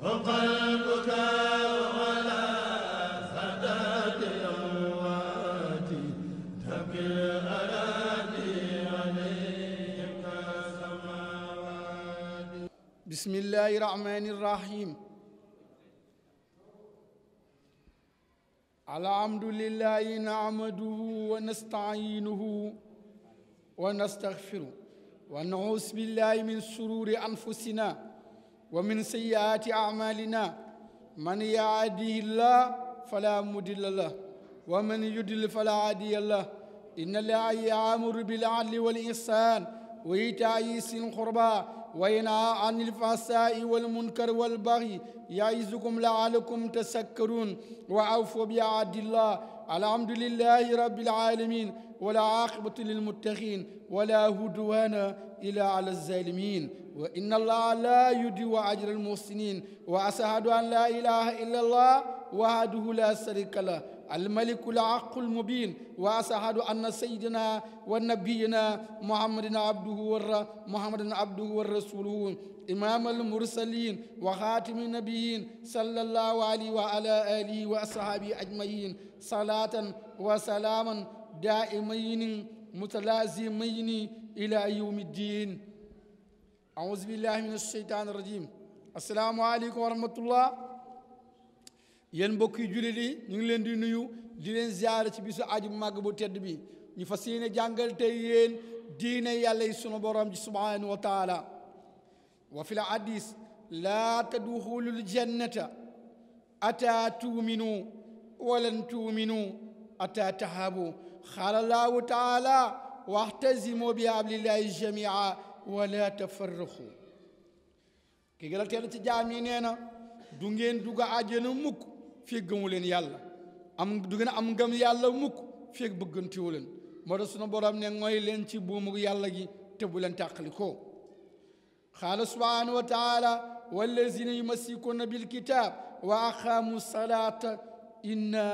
بسم الله الرحمن الرحيم الحمد لله نعمده ونستعينه ونستغفره ونعوذ بالله من شرور أنفسنا ومن سيئات أعمالنا من يهده الله فلا مضل له ومن يضلل فلا هادي له إن الله يأمر بالعدل والإحسان وإيتاء ذي القربى وينهى عن الفحشاء والمنكر والبغي يعظكم لعلكم تذكرون وأوفوا بعهد الله الحمد لله رب العالمين ولا عاقبة للمتقين ولا عدوان إلا على الظالمين wa inna allaha la yudiu ajra almuhsinin wa ashhadu an la ilaha illa allah wahdahu la sharika lah almaliku alhaqu almubin wa ashhadu anna sayyidina wa nabiyina muhammadin abduhu wa muhammadan abduhu wa rasuluhu imam almursalin wa xaatimi nabiyin sallallahu alayhi wa ala alihi wa ashabihi ajmain salatan wa salaaman daa'imayni mutalazimayni ila yawmi ddin أعوذ بالله من الشيطان الرجيم asalaamaaleykum wa rahmatullah yéen mbokki jullit yi ñu ngi leen di nuyu di leen ziare ci bisu aju màgg bu tedd bi ñu fas yéene jàngal tey yéen diine yàlla yi sunu borom ji subhanahu wa taala wa fi l hadis laa tadxulul jannata ata tuuminu walan tuuminu ata tahaabu xaala laahu taala waxtasimu bi hablillahi jamia wala tafarraxu ki gën a teel ci jaam yi nee na du ngeen dugg àjjana mukk fi gëmu leen yàlla am du am ngëm yàlla mukk fii bëggantiwu leen moo tax sunu borom ne mooy leen ci buumu yàlla gi te bu leen tàqali ko xaala subhanahu wa taala wallazina yumassikuuna bil kitaab wa aqaamu salaata inna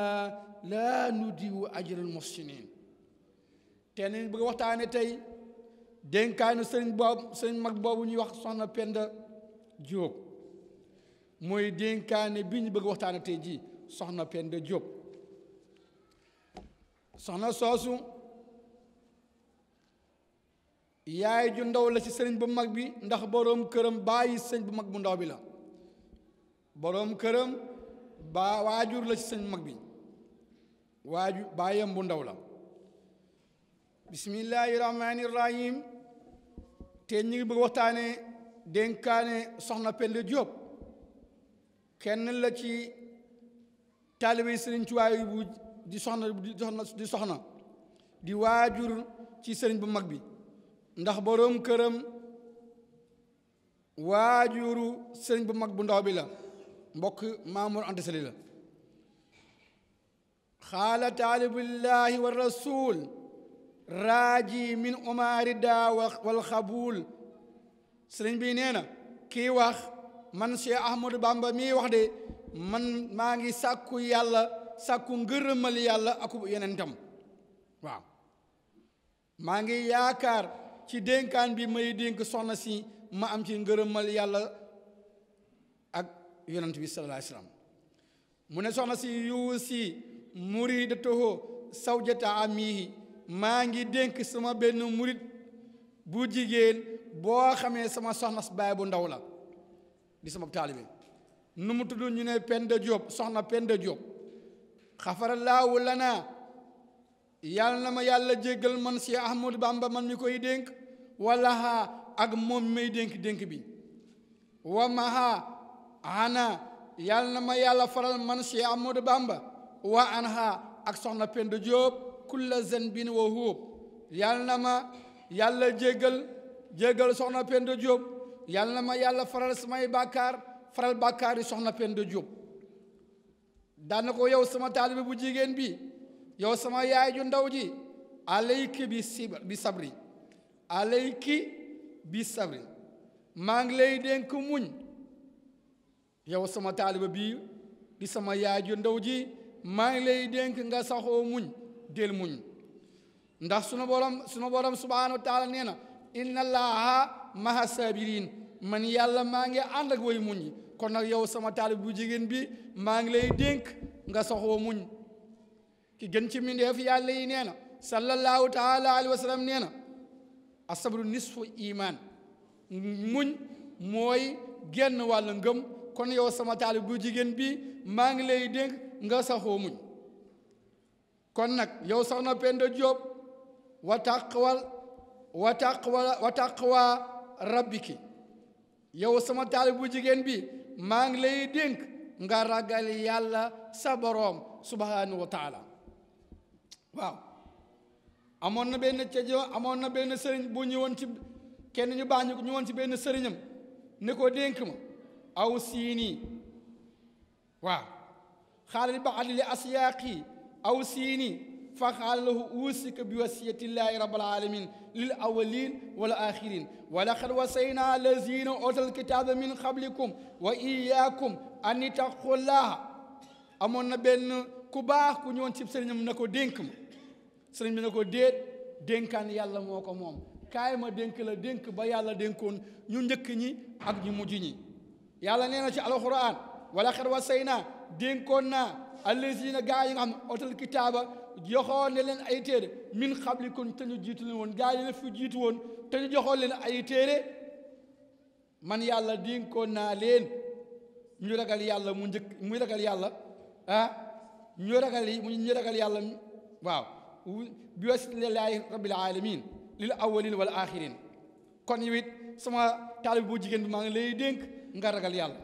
laa nudiu ajral muhsinin te nañ bëgg tey dénkaay na sëriñ boobu sëriñ mag boobu ñuy wax soxna Penda Diop mooy dénkaane bi ñu bëgg waxtaane ji soxna Penda Diop soxna soosu yaay ju ndaw la ci sëriñ bu mag bi ndax boroom këram bàyyi sëriñ bu mag bu ndaw bi la boroom këram baa waajur la ci sëriñ mag bi waaju bàyyam bu ndaw la bismillahi rahmani te ñu ngi bëgg waxtaanee dénkaane soxna Penda Diop kenn la ci taalibe sëriñ Tuubaa yi bu di soxna di soxna di waajur ci sëriñ bu mag bi ndax boroom këram waajuru sëriñ bu mag bu ndaw bi la mbokk Maamor Anta Sali la xaala taalibullaahi wa rasul raaji min umaari daa wal xabuul sëriñ bi nee na kii wax man Cheikh Ahmadou Bamba mii wax de man maa ngi sàkku yàlla sàkku ngërëmal yàlla akub yonentam waaw maa ngi yaakaar ci dénkaan bi may dénk soxna si ma am ci ngërëmal yàlla ak yonent bi sallallahu alayhi wasallam mu ne soxna si yuusi muridatahu sawjata amihi maa ngi dénk sama benn murit bu jigéen boo xamee sama soxna baay bu ndaw la di sama taalibe nu mu tudd ñu ne pend Diop soxna pend Penda Diop xafaralaawu lana yàlla na ma yàlla jéggal man si Ahmadu Bamba man mi koy dénk wala haa ak moom may dénk dénk bi wa ma haa ana yàlla na ma yàlla faral man si Ahmadu Bamba wa an haa ak soxna Penda Diop kulla zanbin wa huub yal na ma yàlla jéggal jéggal soxna Penda Diop yal na ma yàlla faral samay bàkkaar faral bàkkaar soxna Penda Diop daan na ko yow sama taalibe bu jigéen bi yow sama yaay ju ndaw ji alayki bi sib bi sabri alayki bi sabri maa ngi lay dénk muñ yow sama taaliba bii di sama yaay ju ndaw ji maa ngi lay dénk nga saxoo muñ del muñ ndax sunu borom sunu borom subhanahu wa taala nee na inna allaha maha sabirin man yàlla maa ngi ànd ak way muñ kon nag yow sama taalib bu jigéen bi maa ngi lay dénk nga soxoo muñ ki gën ci mindeef yàlla yi nee na sallallahu taala alayhi wa sallam nee na asabru nisfu iman muñ mooy genn wàll ngëm kon yow sama taalib bu jigéen bi maa ngi lay dénk nga saxoo muñ kon nag yow soxna Penda Diop wa taqwal wa taqwa wa taqwa rabbiki yow sama taalib bu jigéen bi maa ngi lay dénk nga ragal yàlla sa boroom subhanahu wa taala waaw amoon na benn cajo amoon na benn sëriñ bu ñëwoon ci kenn ñu baax ñu woon ci benn sëriñam ni ko dénk ma aw siinii waaw xaalal ba adli asyaaqi aw siini فقاله أوصيك بوصية الله رب العالمين للأولين والآخرين ولقد وصينا الذين أوتوا الكتاب من قبلكم وإياكم أن اتقوا الله amoon na benn ku baax ku ñëwoon ci sëriñam na ko dénk ma sëriñ bi ko déet dénkaan yàlla moo ko moom kaay ma dénk la dénk ba yàlla dénkoon ñu njëkk ñi ak ñu mujj ñi yàlla nee na ci alxuraan wala xet wa say naa naa allazina gaa yi nga xam ne otal kitaaba joxoon ne leen ay téere min xablikum te ñu jiitu leen woon gaa yi la fi jiitu woon te ñu joxoon leen ay téere man yàlla dénkoon naa leen muy ragal yàlla mu njëkk muy ragal yàlla ah ñu ragal ñu ragal yàlla waaw bi waslillahi rabbil alamin lil awwalin wal axirin kon yow it sama taalib bu jigéen bi maa ngi lay dénk nga ragal yàlla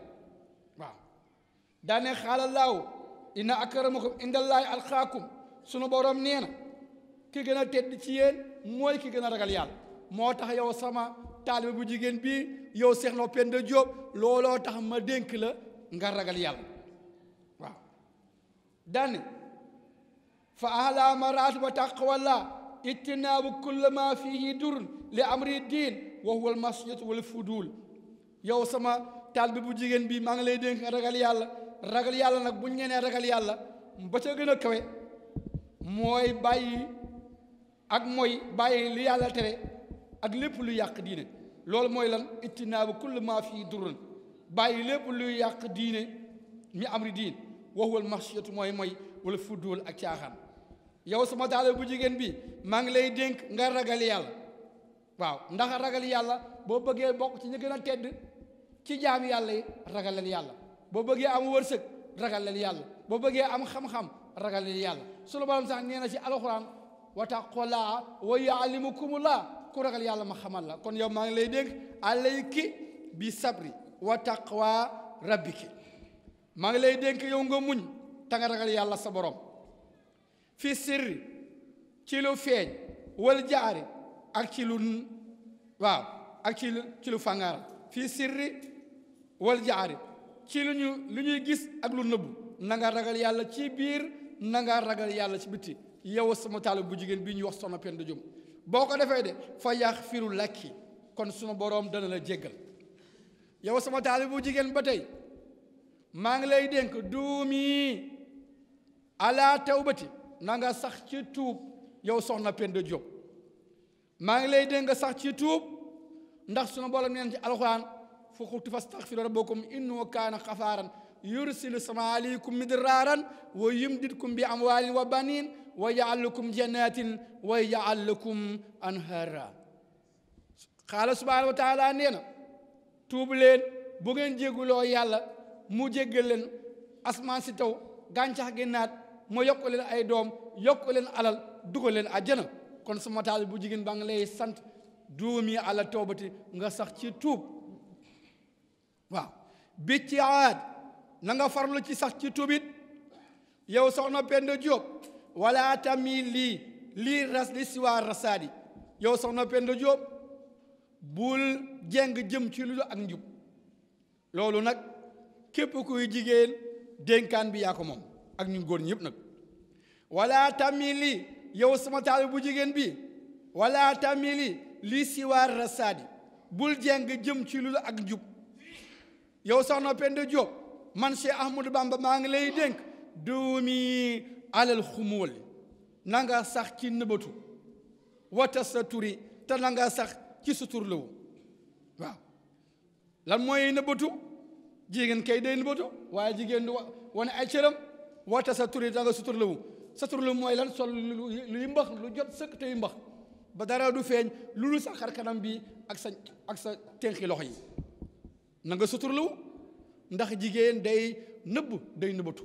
waaw daane xaalalaaw inna akramakum indallaahi alxaakum sunu borom nee ki gën tedd ci yéen mooy ki gën a ragal yàlla moo tax yow sama taalibe bu jigéen bii yow Cheikh Ndao Penda Diop looloo tax ma dénk la nga ragal yàlla waaw daane fa ahlaa maraatiba taqwallah ijtinaabu kulla ma fihi durun li amri diin wa huwa almasiyatu wal fudul yow sama taalibe bu jigéen bii maa ngi lay dénk nga ragal yàlla ragal yàlla nag bu ñu nee ragal yàlla ba ca gën a kawe mooy bàyyi ak mooy bàyyi li yàlla tere ak lépp lu yàq diine loolu mooy lan ittinaabu kulli maa fii durun bàyyi lépp lu yàq diine mi amri diin waxuwal marchiyatu mooy mooy wala fudduwal ak caaxaan yow sama taale bu jigéen bi maa ngi lay dénk nga ragal yàlla waaw ndax ragal yàlla boo bëggee bokk ci ñu gën a tedd ci jaam yàlla yi ragalal yàlla boo bëggee am wërsëg ragalel yàlla boo bëggee am xam-xam ragalel yàlla sunu borom sax nee na ci alxuraan wa taqulaa wa yaalimukumulaa ku ragal yàlla ma xamal la kon yow maa ngi lay dénk ki bi sabri wa taqwa rabbiki maa ngi lay dénk yow nga muñ ta nga ragal yàlla sa borom fi sirri ci lu feeñ wal jaari ak ci lu waaw ak ci lu ci lu sirri wal jaari ci lu lu ñuy gis ak lu nëbbu na ragal yàlla ci biir na ragal yàlla ci bitti yow sama taalib bu jigéen bii ñuy wax Soxna Penda Diop boo ko defee de fa yaxfiru lakki kon suma boroom dana la jéggal yow sama taalib bu jigéen ba tey maa ngi lay dénk duumi ala tawbati na nga sax ci tuub yow Soxna Penda Diop maa ngi lay dénk sax ci tuub ndax suma boroom neen ci alxuraan fa qultu fastaghfiru rabbakum innahu kaana ghafaaran yursilu samaa alaykum midraaran wa yumdidkum bi amwaalin wa baniin wa yaj'al lakum jannaatin wa yaj'al lakum anhaara xaala subhaanahu taala nee tuub leen bu ngeen yàlla mu jéggal asmaan si taw gàncax gi naat ma yokk leen ay doom yokk leen alal dugal leen àjjana kon sama taal bu jigéen baa lay sant doomi ala tawbati nga sax ci tuub waaw bi ci aad na nga farlu ci sax ci tubit yow soxna Penda Diop wala tamit lii lii ras li siwaa rasaadi yow soxna Penda Diop bul jeng jëm ci lu ak njub loolu nag képp kuy jigéen dénkaan bi yaa ko moom ak ñun góor ñëpp nag wala tamit lii yow sama taal bu jigéen bi walla tamit lii lii siwaa rasaadi bul jeng jëm ci lu ak njub yow soxna Penda Diop man Cheikh Ahmadou Bamba maa ngi lay dénk duumi alal xumuwal na nga sax ci nëbatu wata sa turi te na sax ci suturlawu waa lan mooy nëbatu jigéen kay day nëbatu waaye jigéen du wane ay cëram wata sa turi te nga suturlawu suturlawu mooy lan sol lu mbax lu jot sëkk tey mbax ba dara du feeñ lu lu sa xar kanam bi ak sa ak sa tenqi loxo yi nanga nga suturlu ndax jigéen day nëbb day nëbbatu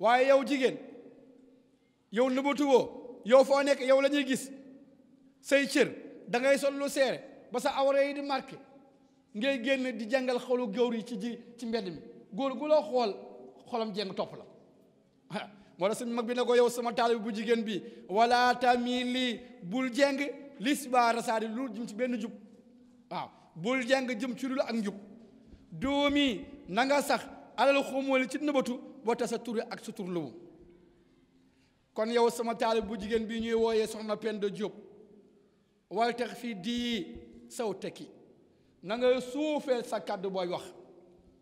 waaye yow jigéen yow nëbbatu woo yow foo nekk yow lañuy gis say cër da ngay seere ba sa awra yi di marqué ngay génn di jàngal xolu góor yi ci ji ci mbedd mi góor gu loo xool xolam jeng topp la moo tax suñ mag bi ne ko yow sama taalibe bu jigéen bi wala tamit lii bul jeng lis baara saari lu jëm ci benn jub waaw bul jeng jëm ci lu ak njub doomi na nga sax alal xumóoli ci nëbatu wata sa tur ak sa turluwu kon yow sama taalib bu jigéen bi ñuy wooyee soxna Penda Diop wal tax fii dii saw tekki na nga suufee sa kàddu booy wax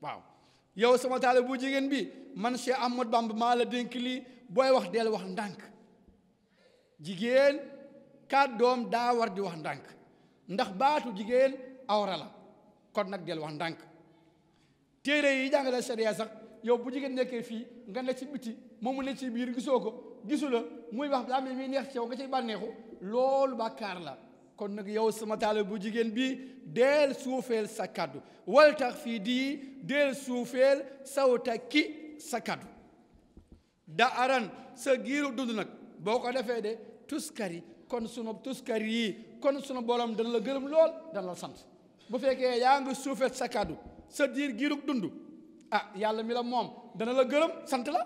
waaw yow sama taalib bu jigéen bi man Cheikh Ahmad Bamba maa la dénk lii booy wax deel wax ndànk jigéen kàddoom daa war di wax ndànk ndax baatu jigéen awra la kon nag del wax ndànk téere yi jàngale sariya sax yow bu jigéen nekkee fii nga ne ci biti moom mu ne ci biir gisoo ko gisu la muy wax daa mel muy neex ci yow nga ciy bànneexu loolu bakkaar la kon nag yow sama taal bu jigéen bii deel suufeel sa kaddu wal tax fii di deel suufeel sawta ki sa kaddu da aran sa giiru dund nag boo ko defee de tuskari kon sunu tuskari yi kon sunu boolam dana la gërëm lool dana la sant bu fekkee yaa ngi suufeel sa kaddu sa diir giirug dund ah yàlla mi la moom dana la gërëm sant la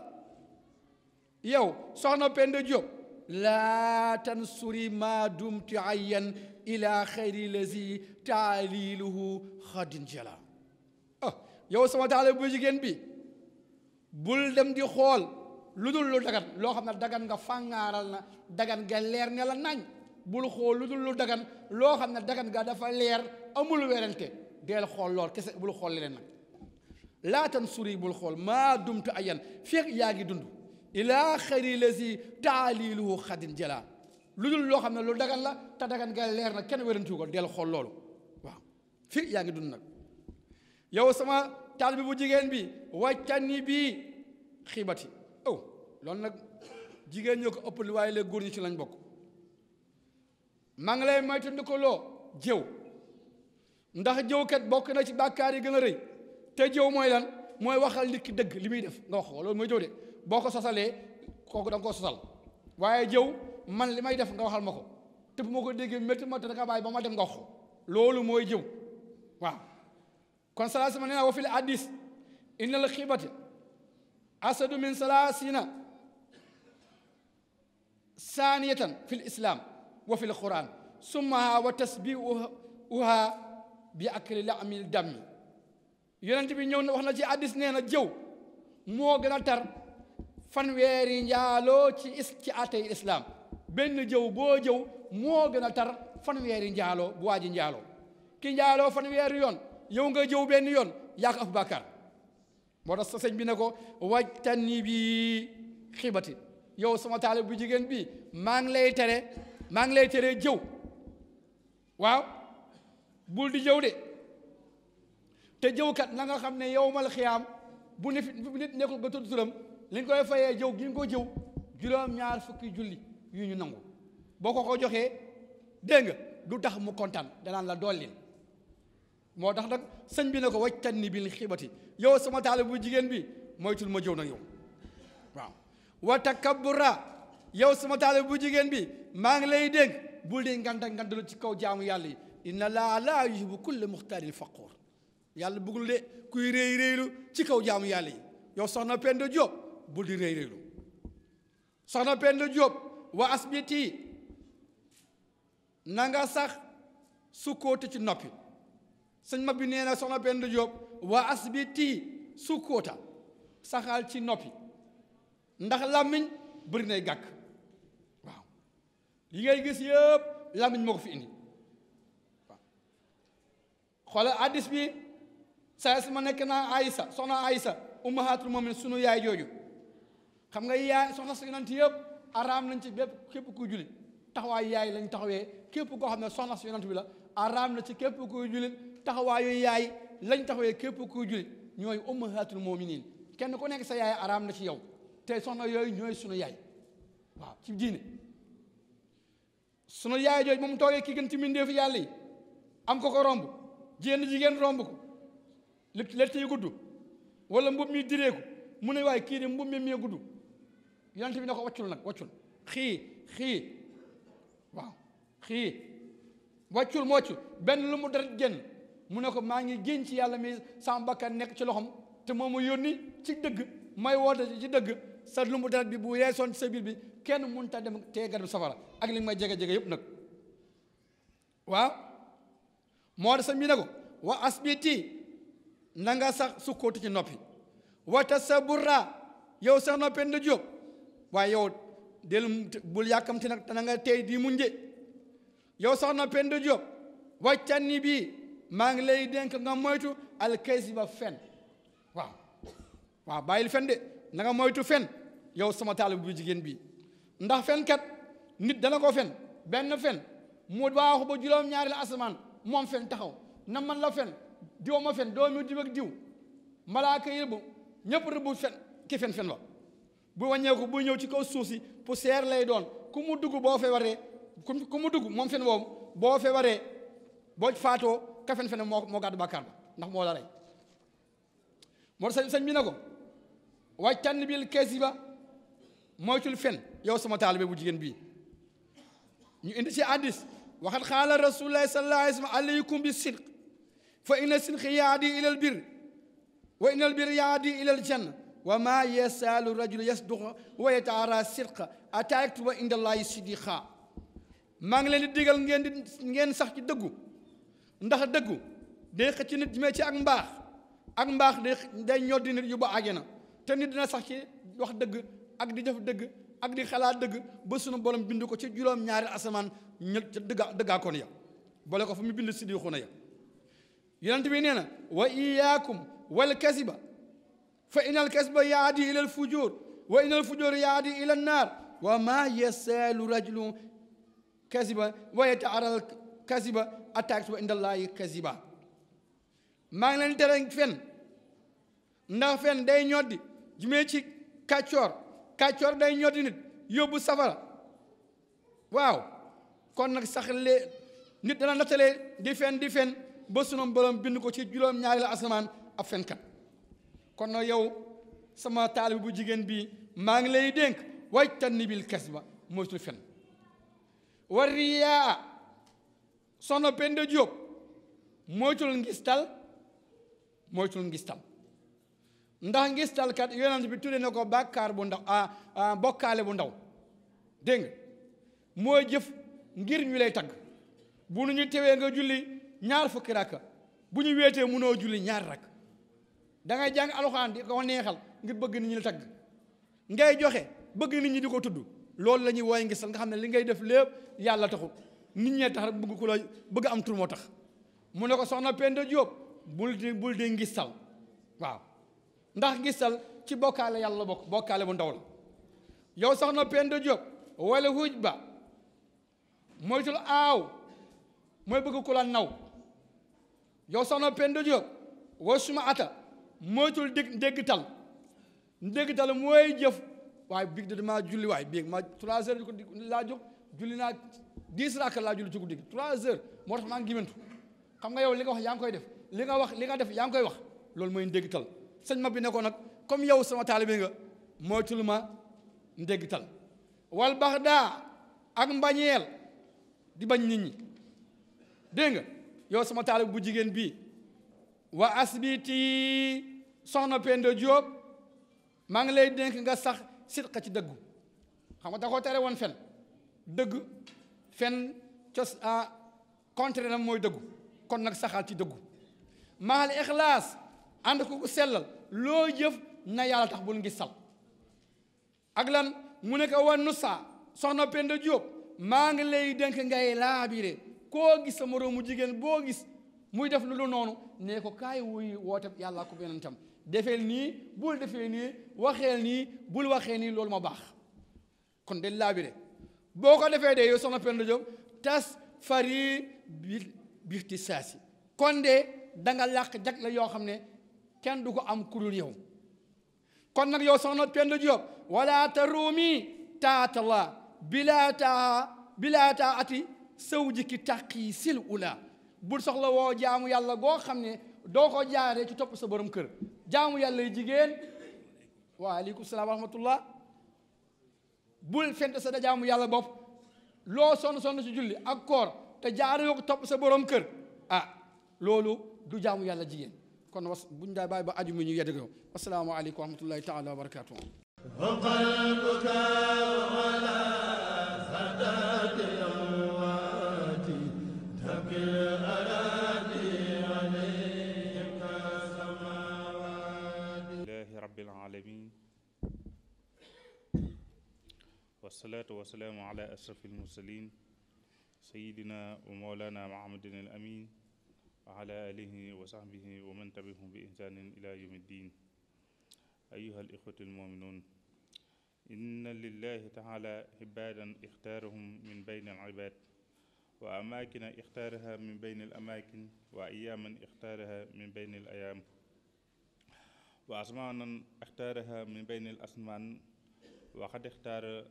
yow soxna Penda Diop laa tansuri ma dumti ayyan ila xayri lazi taaliluhu xadin jala ah yow sama taale bu jigéen bi bul dem di xool lu dul lu dagan loo xam ne dagan nga fàngaaral na dagan nga leer ne la nañ bul xool lu dul lu dagan loo xam ne dagan nga dafa leer amul werante deel xool lool kese bul xool leneen nag laatan suri bul xool maa dumtu ayan feeg yaa ngi dund ilaa xëri la si taaliluhu xadin jëla lu dul loo xam ne lu dagan la te dagan ga leer na kenn wérantu ko deel xool loolu waaw fii yaa ngi dund nag yow sama taal bi bu jigéen bi wàccani bii xibati aw oh, loolu nag jigéen ñoo ko waaye léegi góor ñi ci lañ bokk maa ngi lay moytandiku loo jëw ndax jëwkat bokk na ci bàkkaar yi gën a rëy te jëw mooy lan mooy waxal nit dëgg li muy def nga wax ko waaye jëw man li may def nga waxal ma ko te bu ma ko déggee métti ma ma dem nga wax loolu mooy jëw waaw kon salaa sama nee naa wa fil hadis inna al asadu min salaasina saaniyatan fi l islam wa fi l quran summaha wa tasbiuha bi ak la amil dammi yonent bi ñëw na wax na ci addis nee na jëw moo gën a tar fanweeri njaaloo ci is islaam benn jëw boo jëw moo gën a tar fanweeri njaaloo bu waa ji njaaloo ki njaaloo fanweeri yoon yow nga jëw benn yoon yaa ko moo tax sa sëñ bi ne ko nii bi xibati yow sama taalib bu jigéen bi maa ngi lay tere maa ngi lay tere jëw waaw bul di jëw de te jëwkat na nga xam ne yowmal xiyaam bu ne fi nit nekkul nga tudd turam li nga koy fayee jëw gi nga ko jëw juróom-ñaar fukki julli yu ñu nangu boo ko ko joxee dégg nga du tax mu kontaan danaan la dollil moo tax nag sëñ bi ne ko waccan ni bil xibati yow sama taale bu jigéen bi moytul ma jëw na yow waaw wa takabbura yow sama taale bu jigéen bi maa ngi lay dénk bul di nganta ngantalu ci kaw jaamu yàlla yi inna laa laa yuhibbu kulla muxtaalin faquur yàlla bëggul de kuy réy réylu ci kaw jaamu yàlla yi yow soxna Penda Diop bul di réy réylu soxna Penda Diop wa asbiti na nga sax sukkóote ci noppi sëñ ma nee na soxna Penda Diop wa asbiti sukkóota saxaal ci noppi ndax làmmiñ bëri nay gàkk waaw li ngay gis yëpp làmmiñ moo ko fi indi xoolal addis bi saa su ma nekk naa Aïssa soxna Aïssa ummahatul mu'minin sunu yaay jooju xam nga yaay soxna si yonent yëpp araam nañ ci képp ku jullit taxawaay yaay lañ taxawee képp koo xam ne soxna si yonent bi la araam na ci képp kuy jullit taxawaayu yaay lañ taxawee képp kuy jullit ñooy ummahatul mu'minin kenn ku nekk sa yaay araam la ci yow te soxna yooyu ñooy sunu yaay waaw ci diine sunu yaay jooju moom toogee kii gën ci mbindeefu yàlla am ko ko romb jénn jigéen romb ko lett yi gudd wala mbub mi direeku mu ne waaye kii de mbub mi mee gudd yonent bi na ko waccul nag waccul xii xii waa xii waccul mu waccul benn lu mu deret génn mu ne ko maa ngi génn ci yàlla mi sama bakkan nekk ci loxom te moom mu yónni ci dëgg may woote ci dëgg sa lu mu deret bi bu yeesoon ci sa biir bi kenn mun a dem tee garab safara ak li may jege jege yëpp nag waaw moo de sa mbi ne ko wa asbiti na nga sax sukkootu ci noppi wata sa burra yow sax noppee nda jóg waaye yow del bul yàkkamti nag na nga tey di muñ de yow sax noppee nda jóg waccanni bii maa ngi lay dénk nga moytu alkaysi ba fen waaw waaw bàyyil fen de na moytu fen yow sama taal bu jigéen bi ndax fen kat nit dana ko fen benn fen mu waaxu ba juróom-ñaari asamaan moom fen taxaw nan man la fen diw ma fen doomi diw ak diw malaaka yëbu ñëpp rëbbu fen ki fen fen wa bu wàññeeku buy ñëw ci kaw suuf si poussière lay doon ku mu dugg boo waree ku mu dugg moom fen woowu boo waree boo faatoo ka fen fen moo moo gàddu bàkkaar ba ndax moo la rey moo sa sëñ bi ne ko wàccan bil kees ba moytul fen yow sama taalibe bu jigéen bii ñu indi ci hadiis waxat xaala rasulullahi sallallahu alayhi wa bi sidq fa inna sidq yaadi ilal bir wa inal bir yaadi ilal janna wa ma yasaalu rajulu yasduqa wa yataara sidqa ataaktuba inda allahi sidiqa maa ngi leen di digal ngeen ngeen sax ci dëggu ndax dëggu day ci nit mais ci ak mbaax ak mbaax day day ñoddi nit yu ba àjjana te nit dina sax ci wax dëgg ak di jëf dëgg ak di xalaat dëgg ba sunu borom bind ko ci juróom-ñaari asamaan ña ca dëggaa ya boole ko fa mu bind siddi xuna ya yonent bi nee na wa iyaakum wal kasiba fa inal kasiba yaadi ilal fujur wa inal fujur yaadi ilal naar wa ma yasaalu rajulu kasiba wa yataaral kasiba attaque wa indallaahi kasiba maa leen tere fen ndax fen day ñoddi jumee ci kàccoor kàccoor day ñoddi nit yóbbu safara waaw kon nag sax lee nit dana nattalee di fen ba sunum borom bind ko ci juróom-ñaari la asamaan ab fenkat kon na yow sama taalib bu jigéen bi maa ngi lay dénk kes ba moytul fen war riyaa soxna Penda Diop moytul ngistal moytul ngistal ndax ngistalkat yonent bi tudde na ko bàkkaar bu ndaw a ah, ah, bokkaale bu ndaw dégg mooy jëf ngir ñu lay tagg bu ñu tewee nga julli ñaar fukki rakka bu ñu weetee mënoo julli ñaar rakk da jàng alxuraan di ko neexal ngir bëgg nit ñi la tagg ngay joxe bëgg nit ñi di ko tudd loolu la ñuy wooye ngi sal nga xam ne li ngay def lépp yàlla taxul nit ñee tax bëgg ku la bëgg am tur moo tax mu ne ko soxna Penda Diop bul di bul di ngis sal waaw ndax ngis sal ci bokkaale yàlla bokk bokkaale bu ndaw la yow soxna Penda Diop wala huj moytul aaw mooy bëgg ku la naw yow soxna Penda Diop woo suma ata moytul dégg ndéggtal ndéggtal mooy jëf waaye biig da damaa julli waay biig ma trois heures ko laa jóg julli naa dix raaka laa julli ci guddi trois heures moo tax maa ngi xam nga yow li nga wax yaa ngi koy def li nga wax li nga def yaa ngi koy wax lool mooy ndéggtal sëñ ma bi ne nag comme yow sama taalibe nga moytul ma ndéggtal wal baxdaa ak mbañeel di bañ nit ñi dégg nga yow sama taalib bu jigéen bii wa asbiti soxna Penda Diop maa ngi lay dénk nga sax sitqa ci dëggu xam nga da koo tere woon fen dëggu fen cos ah, contraire am mooy dëggu kon nag saxaal ci dëggu maa ixlaas ànd ko ku sellal loo jëf na yàlla tax bul ngi sal ak lan mu nekk ko wa nusa soxna Penda Diop maa ngi lay dénk ngay laabire koo gis sa moroomu jigéen boo gis muy def lu lu noonu nee ko kaay wuy woote yàlla ko beneen tam defeel nii bul defee nii waxee nii bul waxee nii loolu ma baax kon del laabire boo ko defee de yow soxna Penda Diop tas fari bi bixti saasi kon de danga nga jag la yoo xam ne kenn du ko am kurul yow kon nag yow soxna Penda Diop taruumi taata bilaataa bilaataa ati saw jikki tàqii sil ula bu soxla woo jaamu yàlla goo xam ne doo ko jaaree ci topp sa borom kër jaamu yàlla yi jigéen waaleykum salaam wa rahmatullah bul fent sa da jaamu yàlla bopp loo sonn sonn ci julli ak koor te jaaree ko topp sa borom kër ah loolu du jaamu yàlla jigéen kon was buñ daa baay ba aju mi ñu yedd ko asalaamaaleykum wa rahmatullahi taala wa barakaatu wasalaatu wasalaamu ala ashraf almursalin sayidina wa mawlana mahamadin al amin wa ala alihi wa sahbihi wa man tabiahum bi ihsanin ila yawmi ddin ayuha alixwatu almuminuun inna lillahi taala ibaadan ixtaarahum min bayn alibaad wa amaakina ixtaaraha min bayn alamaakin wa ayaaman ixtaaraha min bayn alayaam wa asmaanan ixtaaraha min bayn alasmaan wa qad ixtaara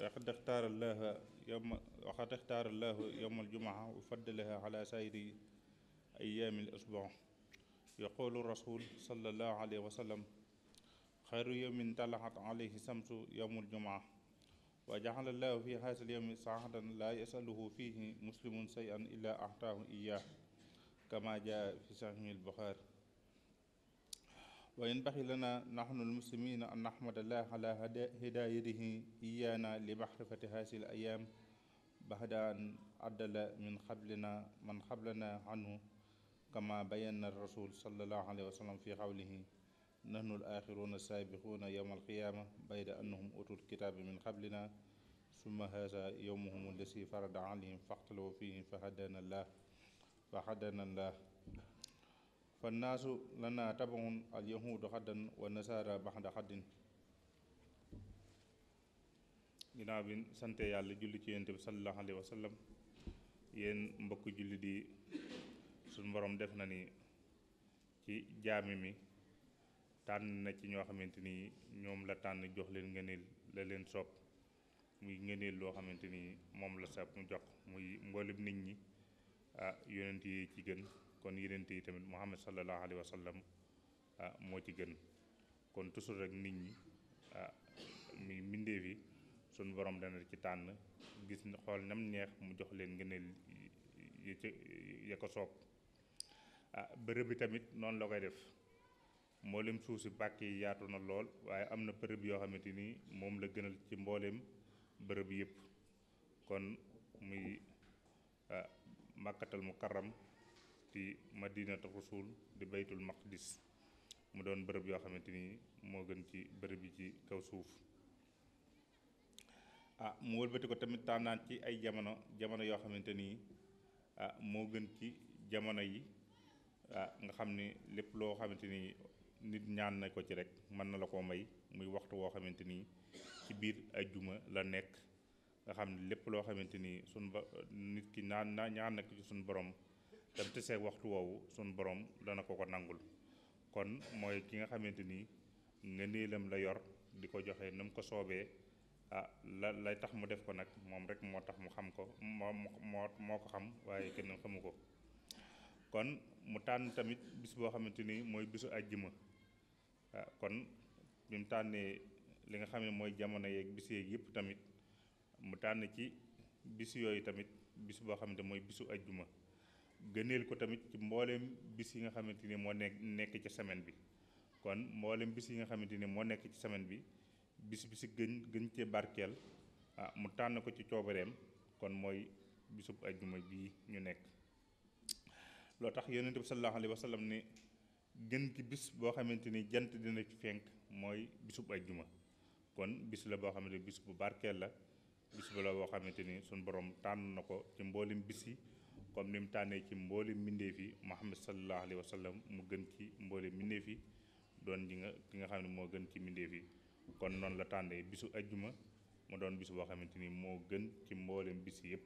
وقد اختار الله يوم وقد اختار الله يوم الجمعة وفضلها على سائر أيام الأسبوع يقول الرسول صلى الله عليه وسلم خير يوم طلعت عليه الشمس يوم الجمعة وجعل الله في هذا اليوم سعادة لا يسأله فيه مسلم شيئا إلا أعطاه إياه كما جاء في صحيح البخاري wa yanbaxi lana nahnu almuslimina an nahmadallah ala hidayatihi iyana li mahrifati hasil ayam baxda an addala min xablina man xablana anhu kama bayana rasul sallallahu alayhi wa sallam fi xawlihi nahnu alaaxiruuna saabixuuna yowma alqiyaama bayda annahum utul kitaabi min xablina summa haasa yowmuhum allasi farada alayhim faxtalafu fihi fa hadana allah fa hadana allah fannaasu lana tabaxun alyahuudu xaddan wa nasaara baxda xaddin ginnaaw bi sante yàlla julli ci yonent bi sallallahu alayhi wa yéen mbokk julli di su borom def na ni ci jaami mi tànn na ci ñoo xamante ni ñoom la tànn jox leen ngëneel la leen soob muy ngëneel loo xamante ni moom la sab mu jox muy mboolem nit ñi ah yonent yi ci gën kon yenent yi tamit muhammad sallallahu alayhi wa sallam ah, moo ci gën kon toujours rek nit ñi ah, mi mbindeef yi suñu borom dana ci tànn gis ni xool nam neex mu jox leen ngëneel ya ca ya ko soob ah, bërëb bi tamit noonu la koy def mboolem suuf si pàkk yi yaatu na lool waaye am na bërëb yoo xamante ni moom la gënal ci mbooleem bërëb yépp kon muy màkkatal mu karam fi madinatu rasul di baytul maqdis mu doon bërëb yoo xamante ni moo gën ci bërëb yi ci kaw suuf ah mu wëlbati ko tamit tànnaan ci ay jamono jamono yoo xamante ni ah moo gën ci jamono yi ah, nga xam ni lépp loo xamante ni nit ñaan na ko ci rek mën na la koo may muy waxtu woo xamante ni ci biir ajjuma la nekk nga xam ni ni nit ki naan na ñaan na borom tam te seeg woowu sunu borom dana ko ko nangul kon mooy ki nga xamante ni nga néelam la yor di ko joxe na ko soobee ah la lay tax mu def ko nag moom rek moo tax mu xam ko moo moo ko xam waaye kenn xamu ko kon mu tànn tamit bis boo xamante ni mooy bisu àjjuma ah kon bi mu tànnee li nga xam ne mooy jamono yeeg bis yeeg yëpp tamit mu tànn ci bis yooyu tamit bis boo xamante mooy bisu àjjuma gëneel ko tamit ci mbooleem bis yi nga xamante ni moo nekk nekk ci semaine bi kon mbooleem bis yi nga xamante ni moo nekk ci semaine bi bis bi si gën gën cee barkeel ah mu tànn ko ci coobareem kon mooy bisub ajjuma bii ñu nekk loo tax yonent bi sallallahu alayhi wa sallam ne bis boo xamante ni jant dina ci fenk mooy bisub ajjuma kon bis la boo xamante ni bis bu barkeel la bis bu la boo xamante ni suñ borom tànn na ko ci mboolem bis yi kon ni mu ci mboole mbindeef yi Muhammad sallallahu alayhi wa sallam mu gën ci mboole mbindeef yi doon ji nga ki nga xam ne moo gën ci mbindeef yi kon noonu la tànnee bisu ajjuma mu doon bis boo xamante ni moo gën ci mboolem bis yëpp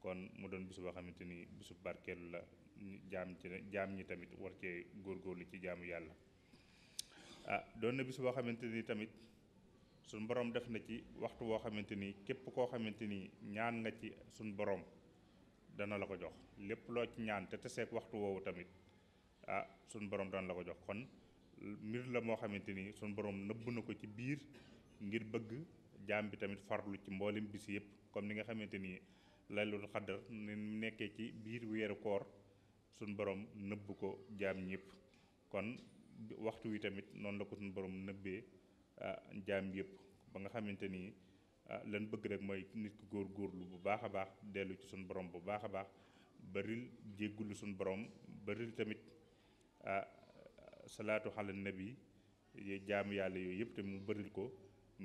kon mu doon bis boo xamante ni bisu barkeelu la jaam ci la jaam ñi tamit war cee góorgóorlu ci jaamu yàlla ah doon na bis boo xamante ni tamit suñ boroom def na ci waxtu woo xamante ni képp koo xamante ni ñaan nga ci suñ boroom dana la ko jox lépp loo ci ñaan te teseek waxtu woowu tamit ah suñ borom dana la ko jox kon mbir la moo xamante ni suñ borom nëbb na ko ci biir ngir bëgg jaam bi tamit farlu ci mboolem bis yëpp comme ni nga xamante ni laylatul xadar nekkee ci biir weeru koor suñ borom nëbb ko jaam ñëpp kon waxtu wi tamit noonu la ko suñ borom nëbbee ah, jaam yëpp ba nga xamante ni Euh, lan bëgg rek mooy nit ki góor góorlu bu baax a baax dellu ci suñu borom bu baax a baax baril jéggulu suñu borom baril tamit euh, salaatu xala nabi jaam yàlla yooyu yëpp te mu baril ko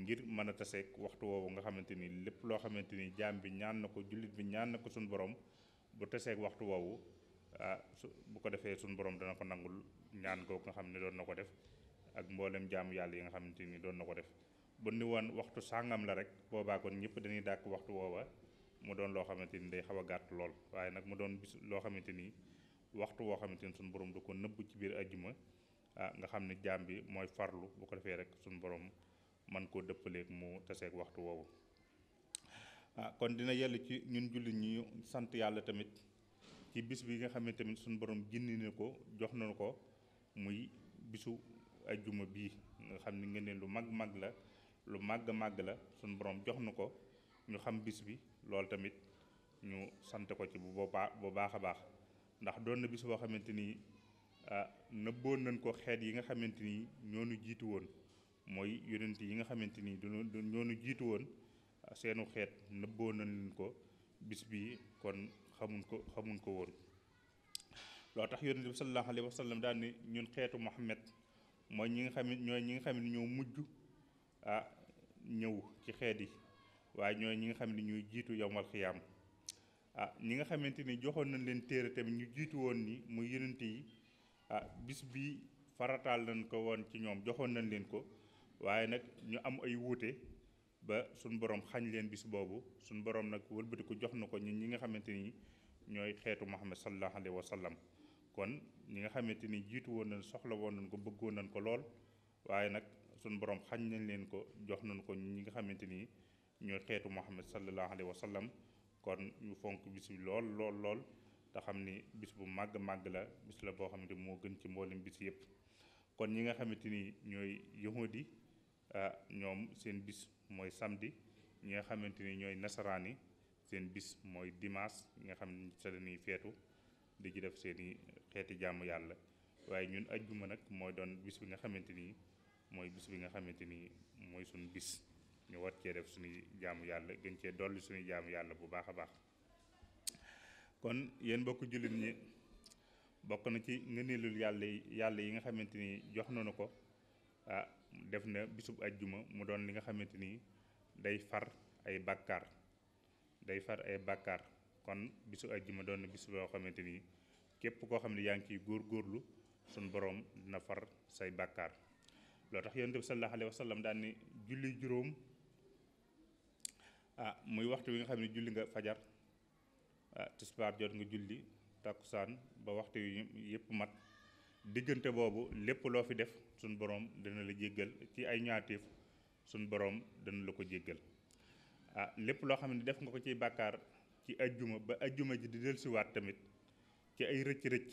ngir mën a taseeg waxtu woowu nga xamante ni lépp loo xamante ni jaam bi ñaan na ko jullit bi ñaan na ko suñu borom bu taseeg waxtu woowu euh, su bu ko defee suñu borom dana ko nangul ñaan ko nga xam ne doon na ko def ak mboolem jaamu yàlla yi nga xamante ni doon na ko def bu ni wan waxtu sàngam la rek boobaa kon ñëpp dañuy dàq waxtu woowa mu doon loo xamante ni day xaw a gàtt lool waaye nag mu doon bis loo xamante ni waxtu woo xamante ni suñu borom du ko nëbb ci biir ajjuma ah nga xam ne jaam bi mooy farlu bu ko defee rek suñu borom man koo dëppaleeg mu taseeg waxtu woowu. ah kon dina yell ci ñun jullit ñi sant yàlla tamit ci bis bi nga xam ne tamit suñu borom jinni ne ko jox nañu ko muy bisu ajjuma bii nga xam ne ngeen lu mag mag la. lu màgg màgg la suñu boroom jox na ko ñu xam bis bi loolu tamit ñu sant ko ci bu baax bu baax a baax ndax doon na bis boo xamante ni ah, nëbboon nañ ko xeet yi nga xamante ni ñoo nu jiitu woon mooy yonent yi nga xamante ni du ñoo nu jiitu woon ah, seenu xeet nëbboon nañ leen ko bis bi kon xamuñ ko xamuñ ko woon. loo tax yonent bi sallallahu alayhi wa ni ñun xeetu Muhammad mooy ñi nga xam ne ñooy ñoo mujj ah, ñëw ci xeet yi waaye ñooy ñi nga xam ni ñuy jiitu yowmal xiyaam ah ñi nga xamante ni joxoon nañ leen téere tamit ñu jiitu woon ni muy yonent yi ah bis bi faratal nañ ko woon ci ñoom joxoon nañ leen ko waaye nag ñu am ay wuute ba suñ borom xañ leen bis boobu suñ borom nag wëlbati ko jox na ko ñun ñi nga xamante ni ñooy xeetu Muhammad sallallahu alayhi wa sallam kon ñi nga xamante ni jiitu woon na soxla woon nañ ko bëggoon nañ ko lool waaye nag suñ borom xañ nañ leen ko jox nañ ko ñi nga xamante ni ñooy xeetu Muhammad sallallahu alayhi wa sallam kon ñu fonk bis bi lool lool lool te xam ni bis bu màgg màgg la bis la boo xamante moo gën ci mboolem bis yëpp kon ñi nga xamante ni ñooy yahudi ah, ñoom seen bis mooy samedi ñi nga xamante ni ñooy nasaraani seen bis mooy dimanche nga xam ne sa dañuy feetu di ci def seen i xeeti jàmm yàlla waaye ñun ajjuma nag mooy doon bis bi nga xamante ni. mooy bis bi nga xamante ni mooy suñu bis ñu war cee def suñuy jaamu yàlla gën cee dolli suñuy jaamu yàlla bu baax a baax kon yéen mbokk jullit ñi bokk na ci ngëneelul yàlla yàlla yi nga xamante ni jox nañu ko ah def na bisub ajjuma mu doon li nga xamante ni day far ay bàkkaar day far ay bàkkaar kon bisu ajjuma doon na bis boo xamante ni képp koo xam ne yaa ngi ciy góor góorlu suñ boroom dina far say bàkkaar loo tax yonent bi sallallahu alayhi wa sallam daan ni julli juróom ah muy waxtu wi nga xam ne julli nga fajar ah jot nga julli tàkkusaan ba waxtu yi yëpp mat diggante boobu lépp loo fi def suñ boroom dana la jéggal ci ay ñaatiif suñ boroom dana la ko jéggal ah lépp loo xam ne def nga ko ciy bàkkaar ci ajjuma ba ajjuma ji di dellusiwaat tamit ci ay rëcc rëcc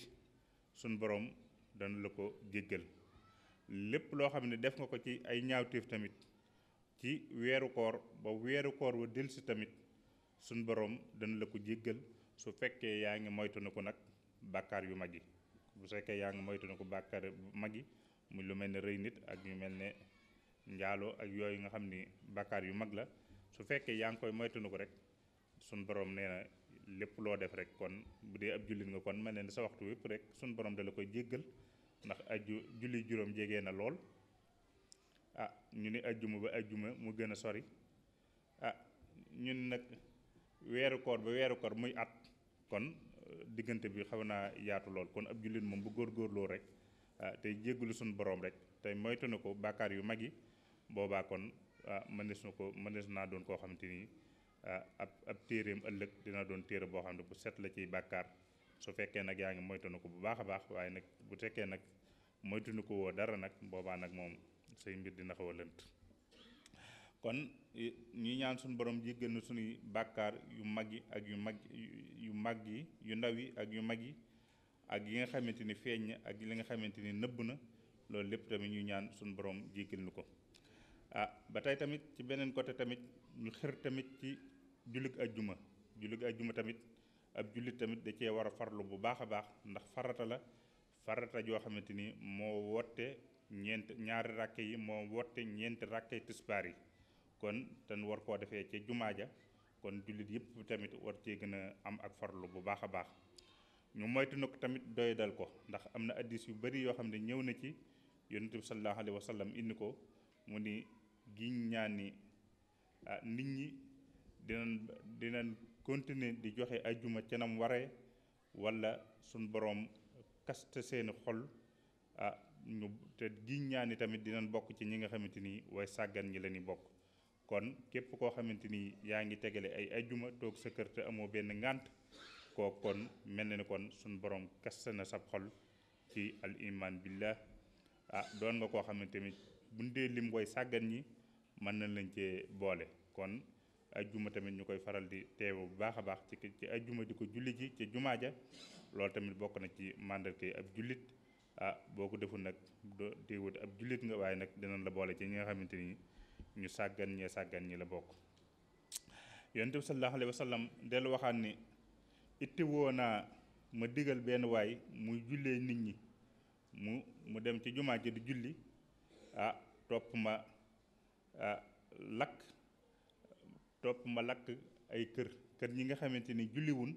suñ boroom dana la ko jéggal lépp loo xam ne def nga ko ci ay ñaawteef tamit ci weeru koor ba weeru koor wa delsi tamit suñ boroom dana la ko jéggal su fekkee yaa ngi ko nag bàkkaar yu mag yi bu fekkee yaa ngi moytandiku bàkkaar mag yi muy lu mel ne rëy nit ak yu mel ne njaaloo ak yooyu nga xam ni bàkkaar yu mag la su fekkee yaa ngi koy ko rek suñ borom nee na lépp loo def rek kon bu dee ab jullit nga kon mel ne ni sa waxtu yëpp rek suñ borom da la koy jéggal ndax ju julli juróom jege na lool ah ñu ni ajjuma ba juma mu gën a sori ah ñun nag weeru koor ba weeru koor muy at kon uh, diggante bi xaw naa yaatu lool kon ab jullit moom bu góor góorgóorloo rek ah, tey jéggalu suñu borom rek tey moytu na ko bàkkaar yu mag yi boobaa kon ah, mënees na ko mënees naa doon koo xamante ni ah, ab ab téereem ëllëg dina doon téere boo xam ne bu set la ciy bàkkaar su fekkee nag yaa ngi moytanu ko bu baax a baax waaye nag bu fekkee nag moytanu ko woo dara nag boobaa nag moom say mbir dina xaw a lënt kon ñuy ñaan suñu borom ji na suñuy bàkkaar yu mag yi ak yu mag yu mag yi yu ndaw yi ak yu mag yi ak yi nga xamante ni feeñ na ak li nga xamante ni nëbb na loolu lépp tamit ñu ñaan suñu borom jéggal nu ko ah ba tey tamit ci beneen côté tamit ñu xër tamit ci jullit ajjuma jullit ajjuma tamit ab jullit tamit da cee war a farlu bu baax a baax ndax farata la farata joo xamante ni moo wotte ñeent ñaari ràkke yi moo wotte ñeent ràkke tisbaar yi kon ten war koo defee ca jumaa ja kon jullit yëpp tamit war cee gën a am ak farlu bu baax a baax ñu moytu na tamit doy ko ndax am na addis yu bari yoo xam ne ñëw na ci yonent bi sallallahu alayhi wa indi ko mu ni giñ ñaan ni ah, nit ñi dinañ dinañ continuer di joxe ajjuma ca nam waree wala suñ boroom kaste seeni xol ah te giñ ñaani tamit dinañ bokk ci ñi nga xamante ni way sàggan ñi la ñu bokk kon képp koo xamante ni yaa ngi tegale ay ajjuma toog sa kër te amoo benn ngànt koo kon mel na ni kon suñ boroom kaste na sab xol ci al iman billah ah doon nga koo xamante ni buñ dee lim way sàggan ñi mën nañ lañ cee boole kon ajjuma tamit ñu koy faral di teewe bu baax a baax ci ci ajjuma di ko julli ji ci jumaa ja loolu tamit bokk na ci màndarke ab jullit ah boo ko deful nag do téewut ab jullit nga waaye nag dinañ la boole ci nga xamante ni ñu sàggan ñee sàggan ñi la bokk yonent bi sallallahu alayhi wa sallam dellu waxaat ni itti naa ma digal benn waay muy jullee nit ñi mu mu dem ci jumaa ji di julli ah, topp ma ah, lakk topp ma lakk ay kër kër ñi nga xamante ni julliwun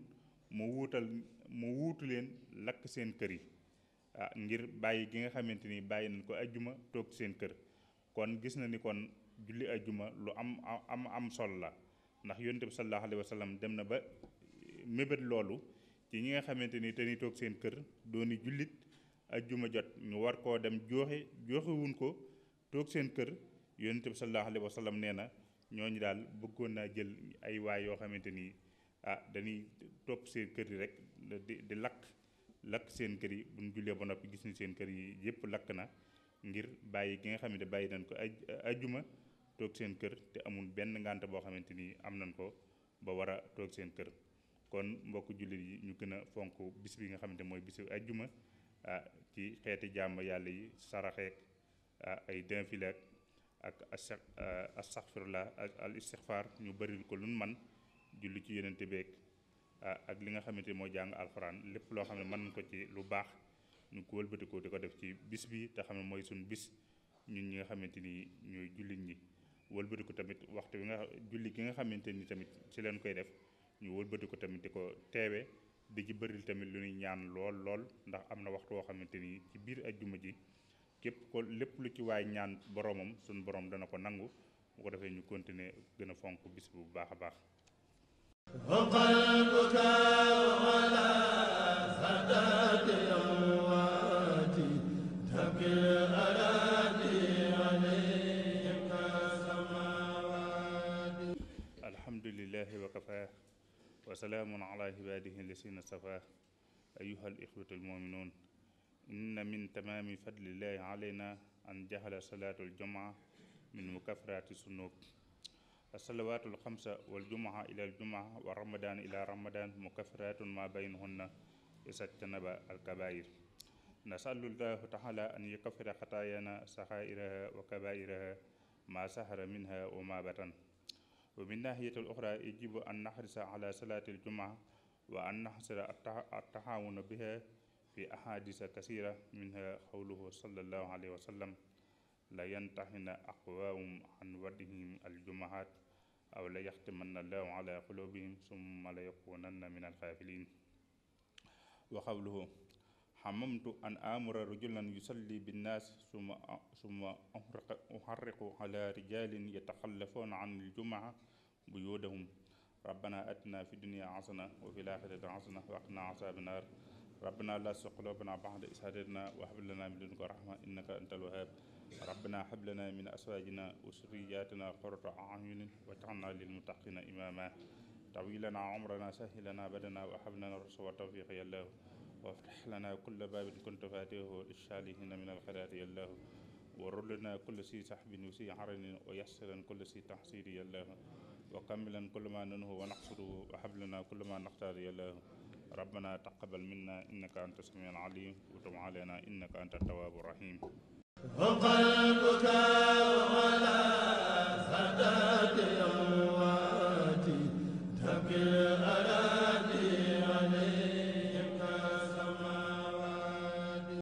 mu wuutal mu wuutu leen lakk seen kër yi ah, ngir bàyyi gi nga xamante ni bàyyi nañ ko ajjuma toog seen kër kon gis na ni kon julli ajjuma lu am am am solo la ndax yonte bi sallallahu alayhi dem na ba mébét loolu ci ñi nga xamante ni te ni toog seen kër dooni jullit ajjuma jot ñu war koo dem jooxe jooxewuñ ko toog seen kër yonte bi sallallahu alayhi nee na ñoo ñu daal bëggoon naa jël ay waay yoo xamante ni ah dañuy topp seen kër yi rek di di lakk lakk seen kër yi bu ñu jullee ba noppi gis ni seen kër yi yëpp lakk na ngir bàyyi ki nga xam ne bàyyi nañ ko ay ajjuma toog seen kër te amul benn ngante boo xamante ni am nañ ko ba war a toog seen kër kon mbokk jullit yi ñu gën a fonk bis bi nga xamante mooy bisu ay juma ah, ci xeeti jàmm yàlla yi saraxeek ah ay denfileek ak astaghfirullah euh, al istighfar ñu bari ko lu man julli ci yenente beeg euh, ak li nga xamante mooy jàng alxuraan lépp loo xam ne mën ko ci lu baax ñu ko wëlbatikoo di ko def ci bis bi te xam ne mooy suñu bis ñun ñi nga xamante ni ñuy jullit ñi wëlbatiku tamit waxtu bi nga julli ki nga xamante ni tamit ci leen koy def ñu wëlbatiku tamit di ko teewe di ci bëril tamit lu ñuy ñaan lool lool ndax am na waxtu woo xamante ni ci biir ak ajjuma ji képp ko lépp lu ci waay ñaan boroomam suñu boroom dana ko nangu bu ko defee ñu continuer gën a fonk bis bu baax a baax alhamdulillahi wa kafa wa ala ibaadihi lasina safa ayuha al ixwatu almuminuun inna min tamaami fadlillahi alayna an jaxala salaatul jumaa min mukafaraati sunub asalawaatul xamsa wal jumaa ilal jumaa wa ramadaan ila ramadaan mukafaraatun ma baynahunna isajtanaba alkabair nasalullahu taala an yukafira xataayana saxaairaha wa kabairaha ma sahara minha wa ma batan wa min nahiyatil uxra yajibu an naxrisa ala salaatil jumaa wa an naxsira attaxaawuna biha fi ahadisa kasira minha xawluhu sallallahu alayhi wa sallam la yantaxina aqwaamum an waddihim aljumahat aw la yaxtimanna allahu ala qulubihim summa la yakunanna min alxaafilin wa xawluhu xamamtu an amura rajulan yusalli binnaas summa summa uxarriqu ala rijalin yataxallafuuna an aljumaa buyuudahum rabbana atina fi dunia xasana wa fi laaxirati xasana wa qina azaaba naar ربنا لا تزغ قلوبنا بعد إذ هديتنا وهب لنا من لدنك رحمة إنك أنت الوهاب ربنا هب لنا من أزواجنا وذرياتنا قرة أعين واجعلنا للمتقين إماما طويل لنا عمرنا سهل لنا بدنا وهب لنا الرشد والتوفيق يا الله وافتح لنا كل باب كنت فاتحه للصالحين من الخيرات يا الله ورلنا كل شيء سحب وسي عرن ويسرا كل شيء تحصيل يا الله وكملا كل ما ننهو ونقصده وهب لنا كل ما نختار يا الله ربنا تقبل منا إنك أنت السميع العليم وتب علينا إنك أنت التواب الرحيم وقلبك على سادات الأموات تبكي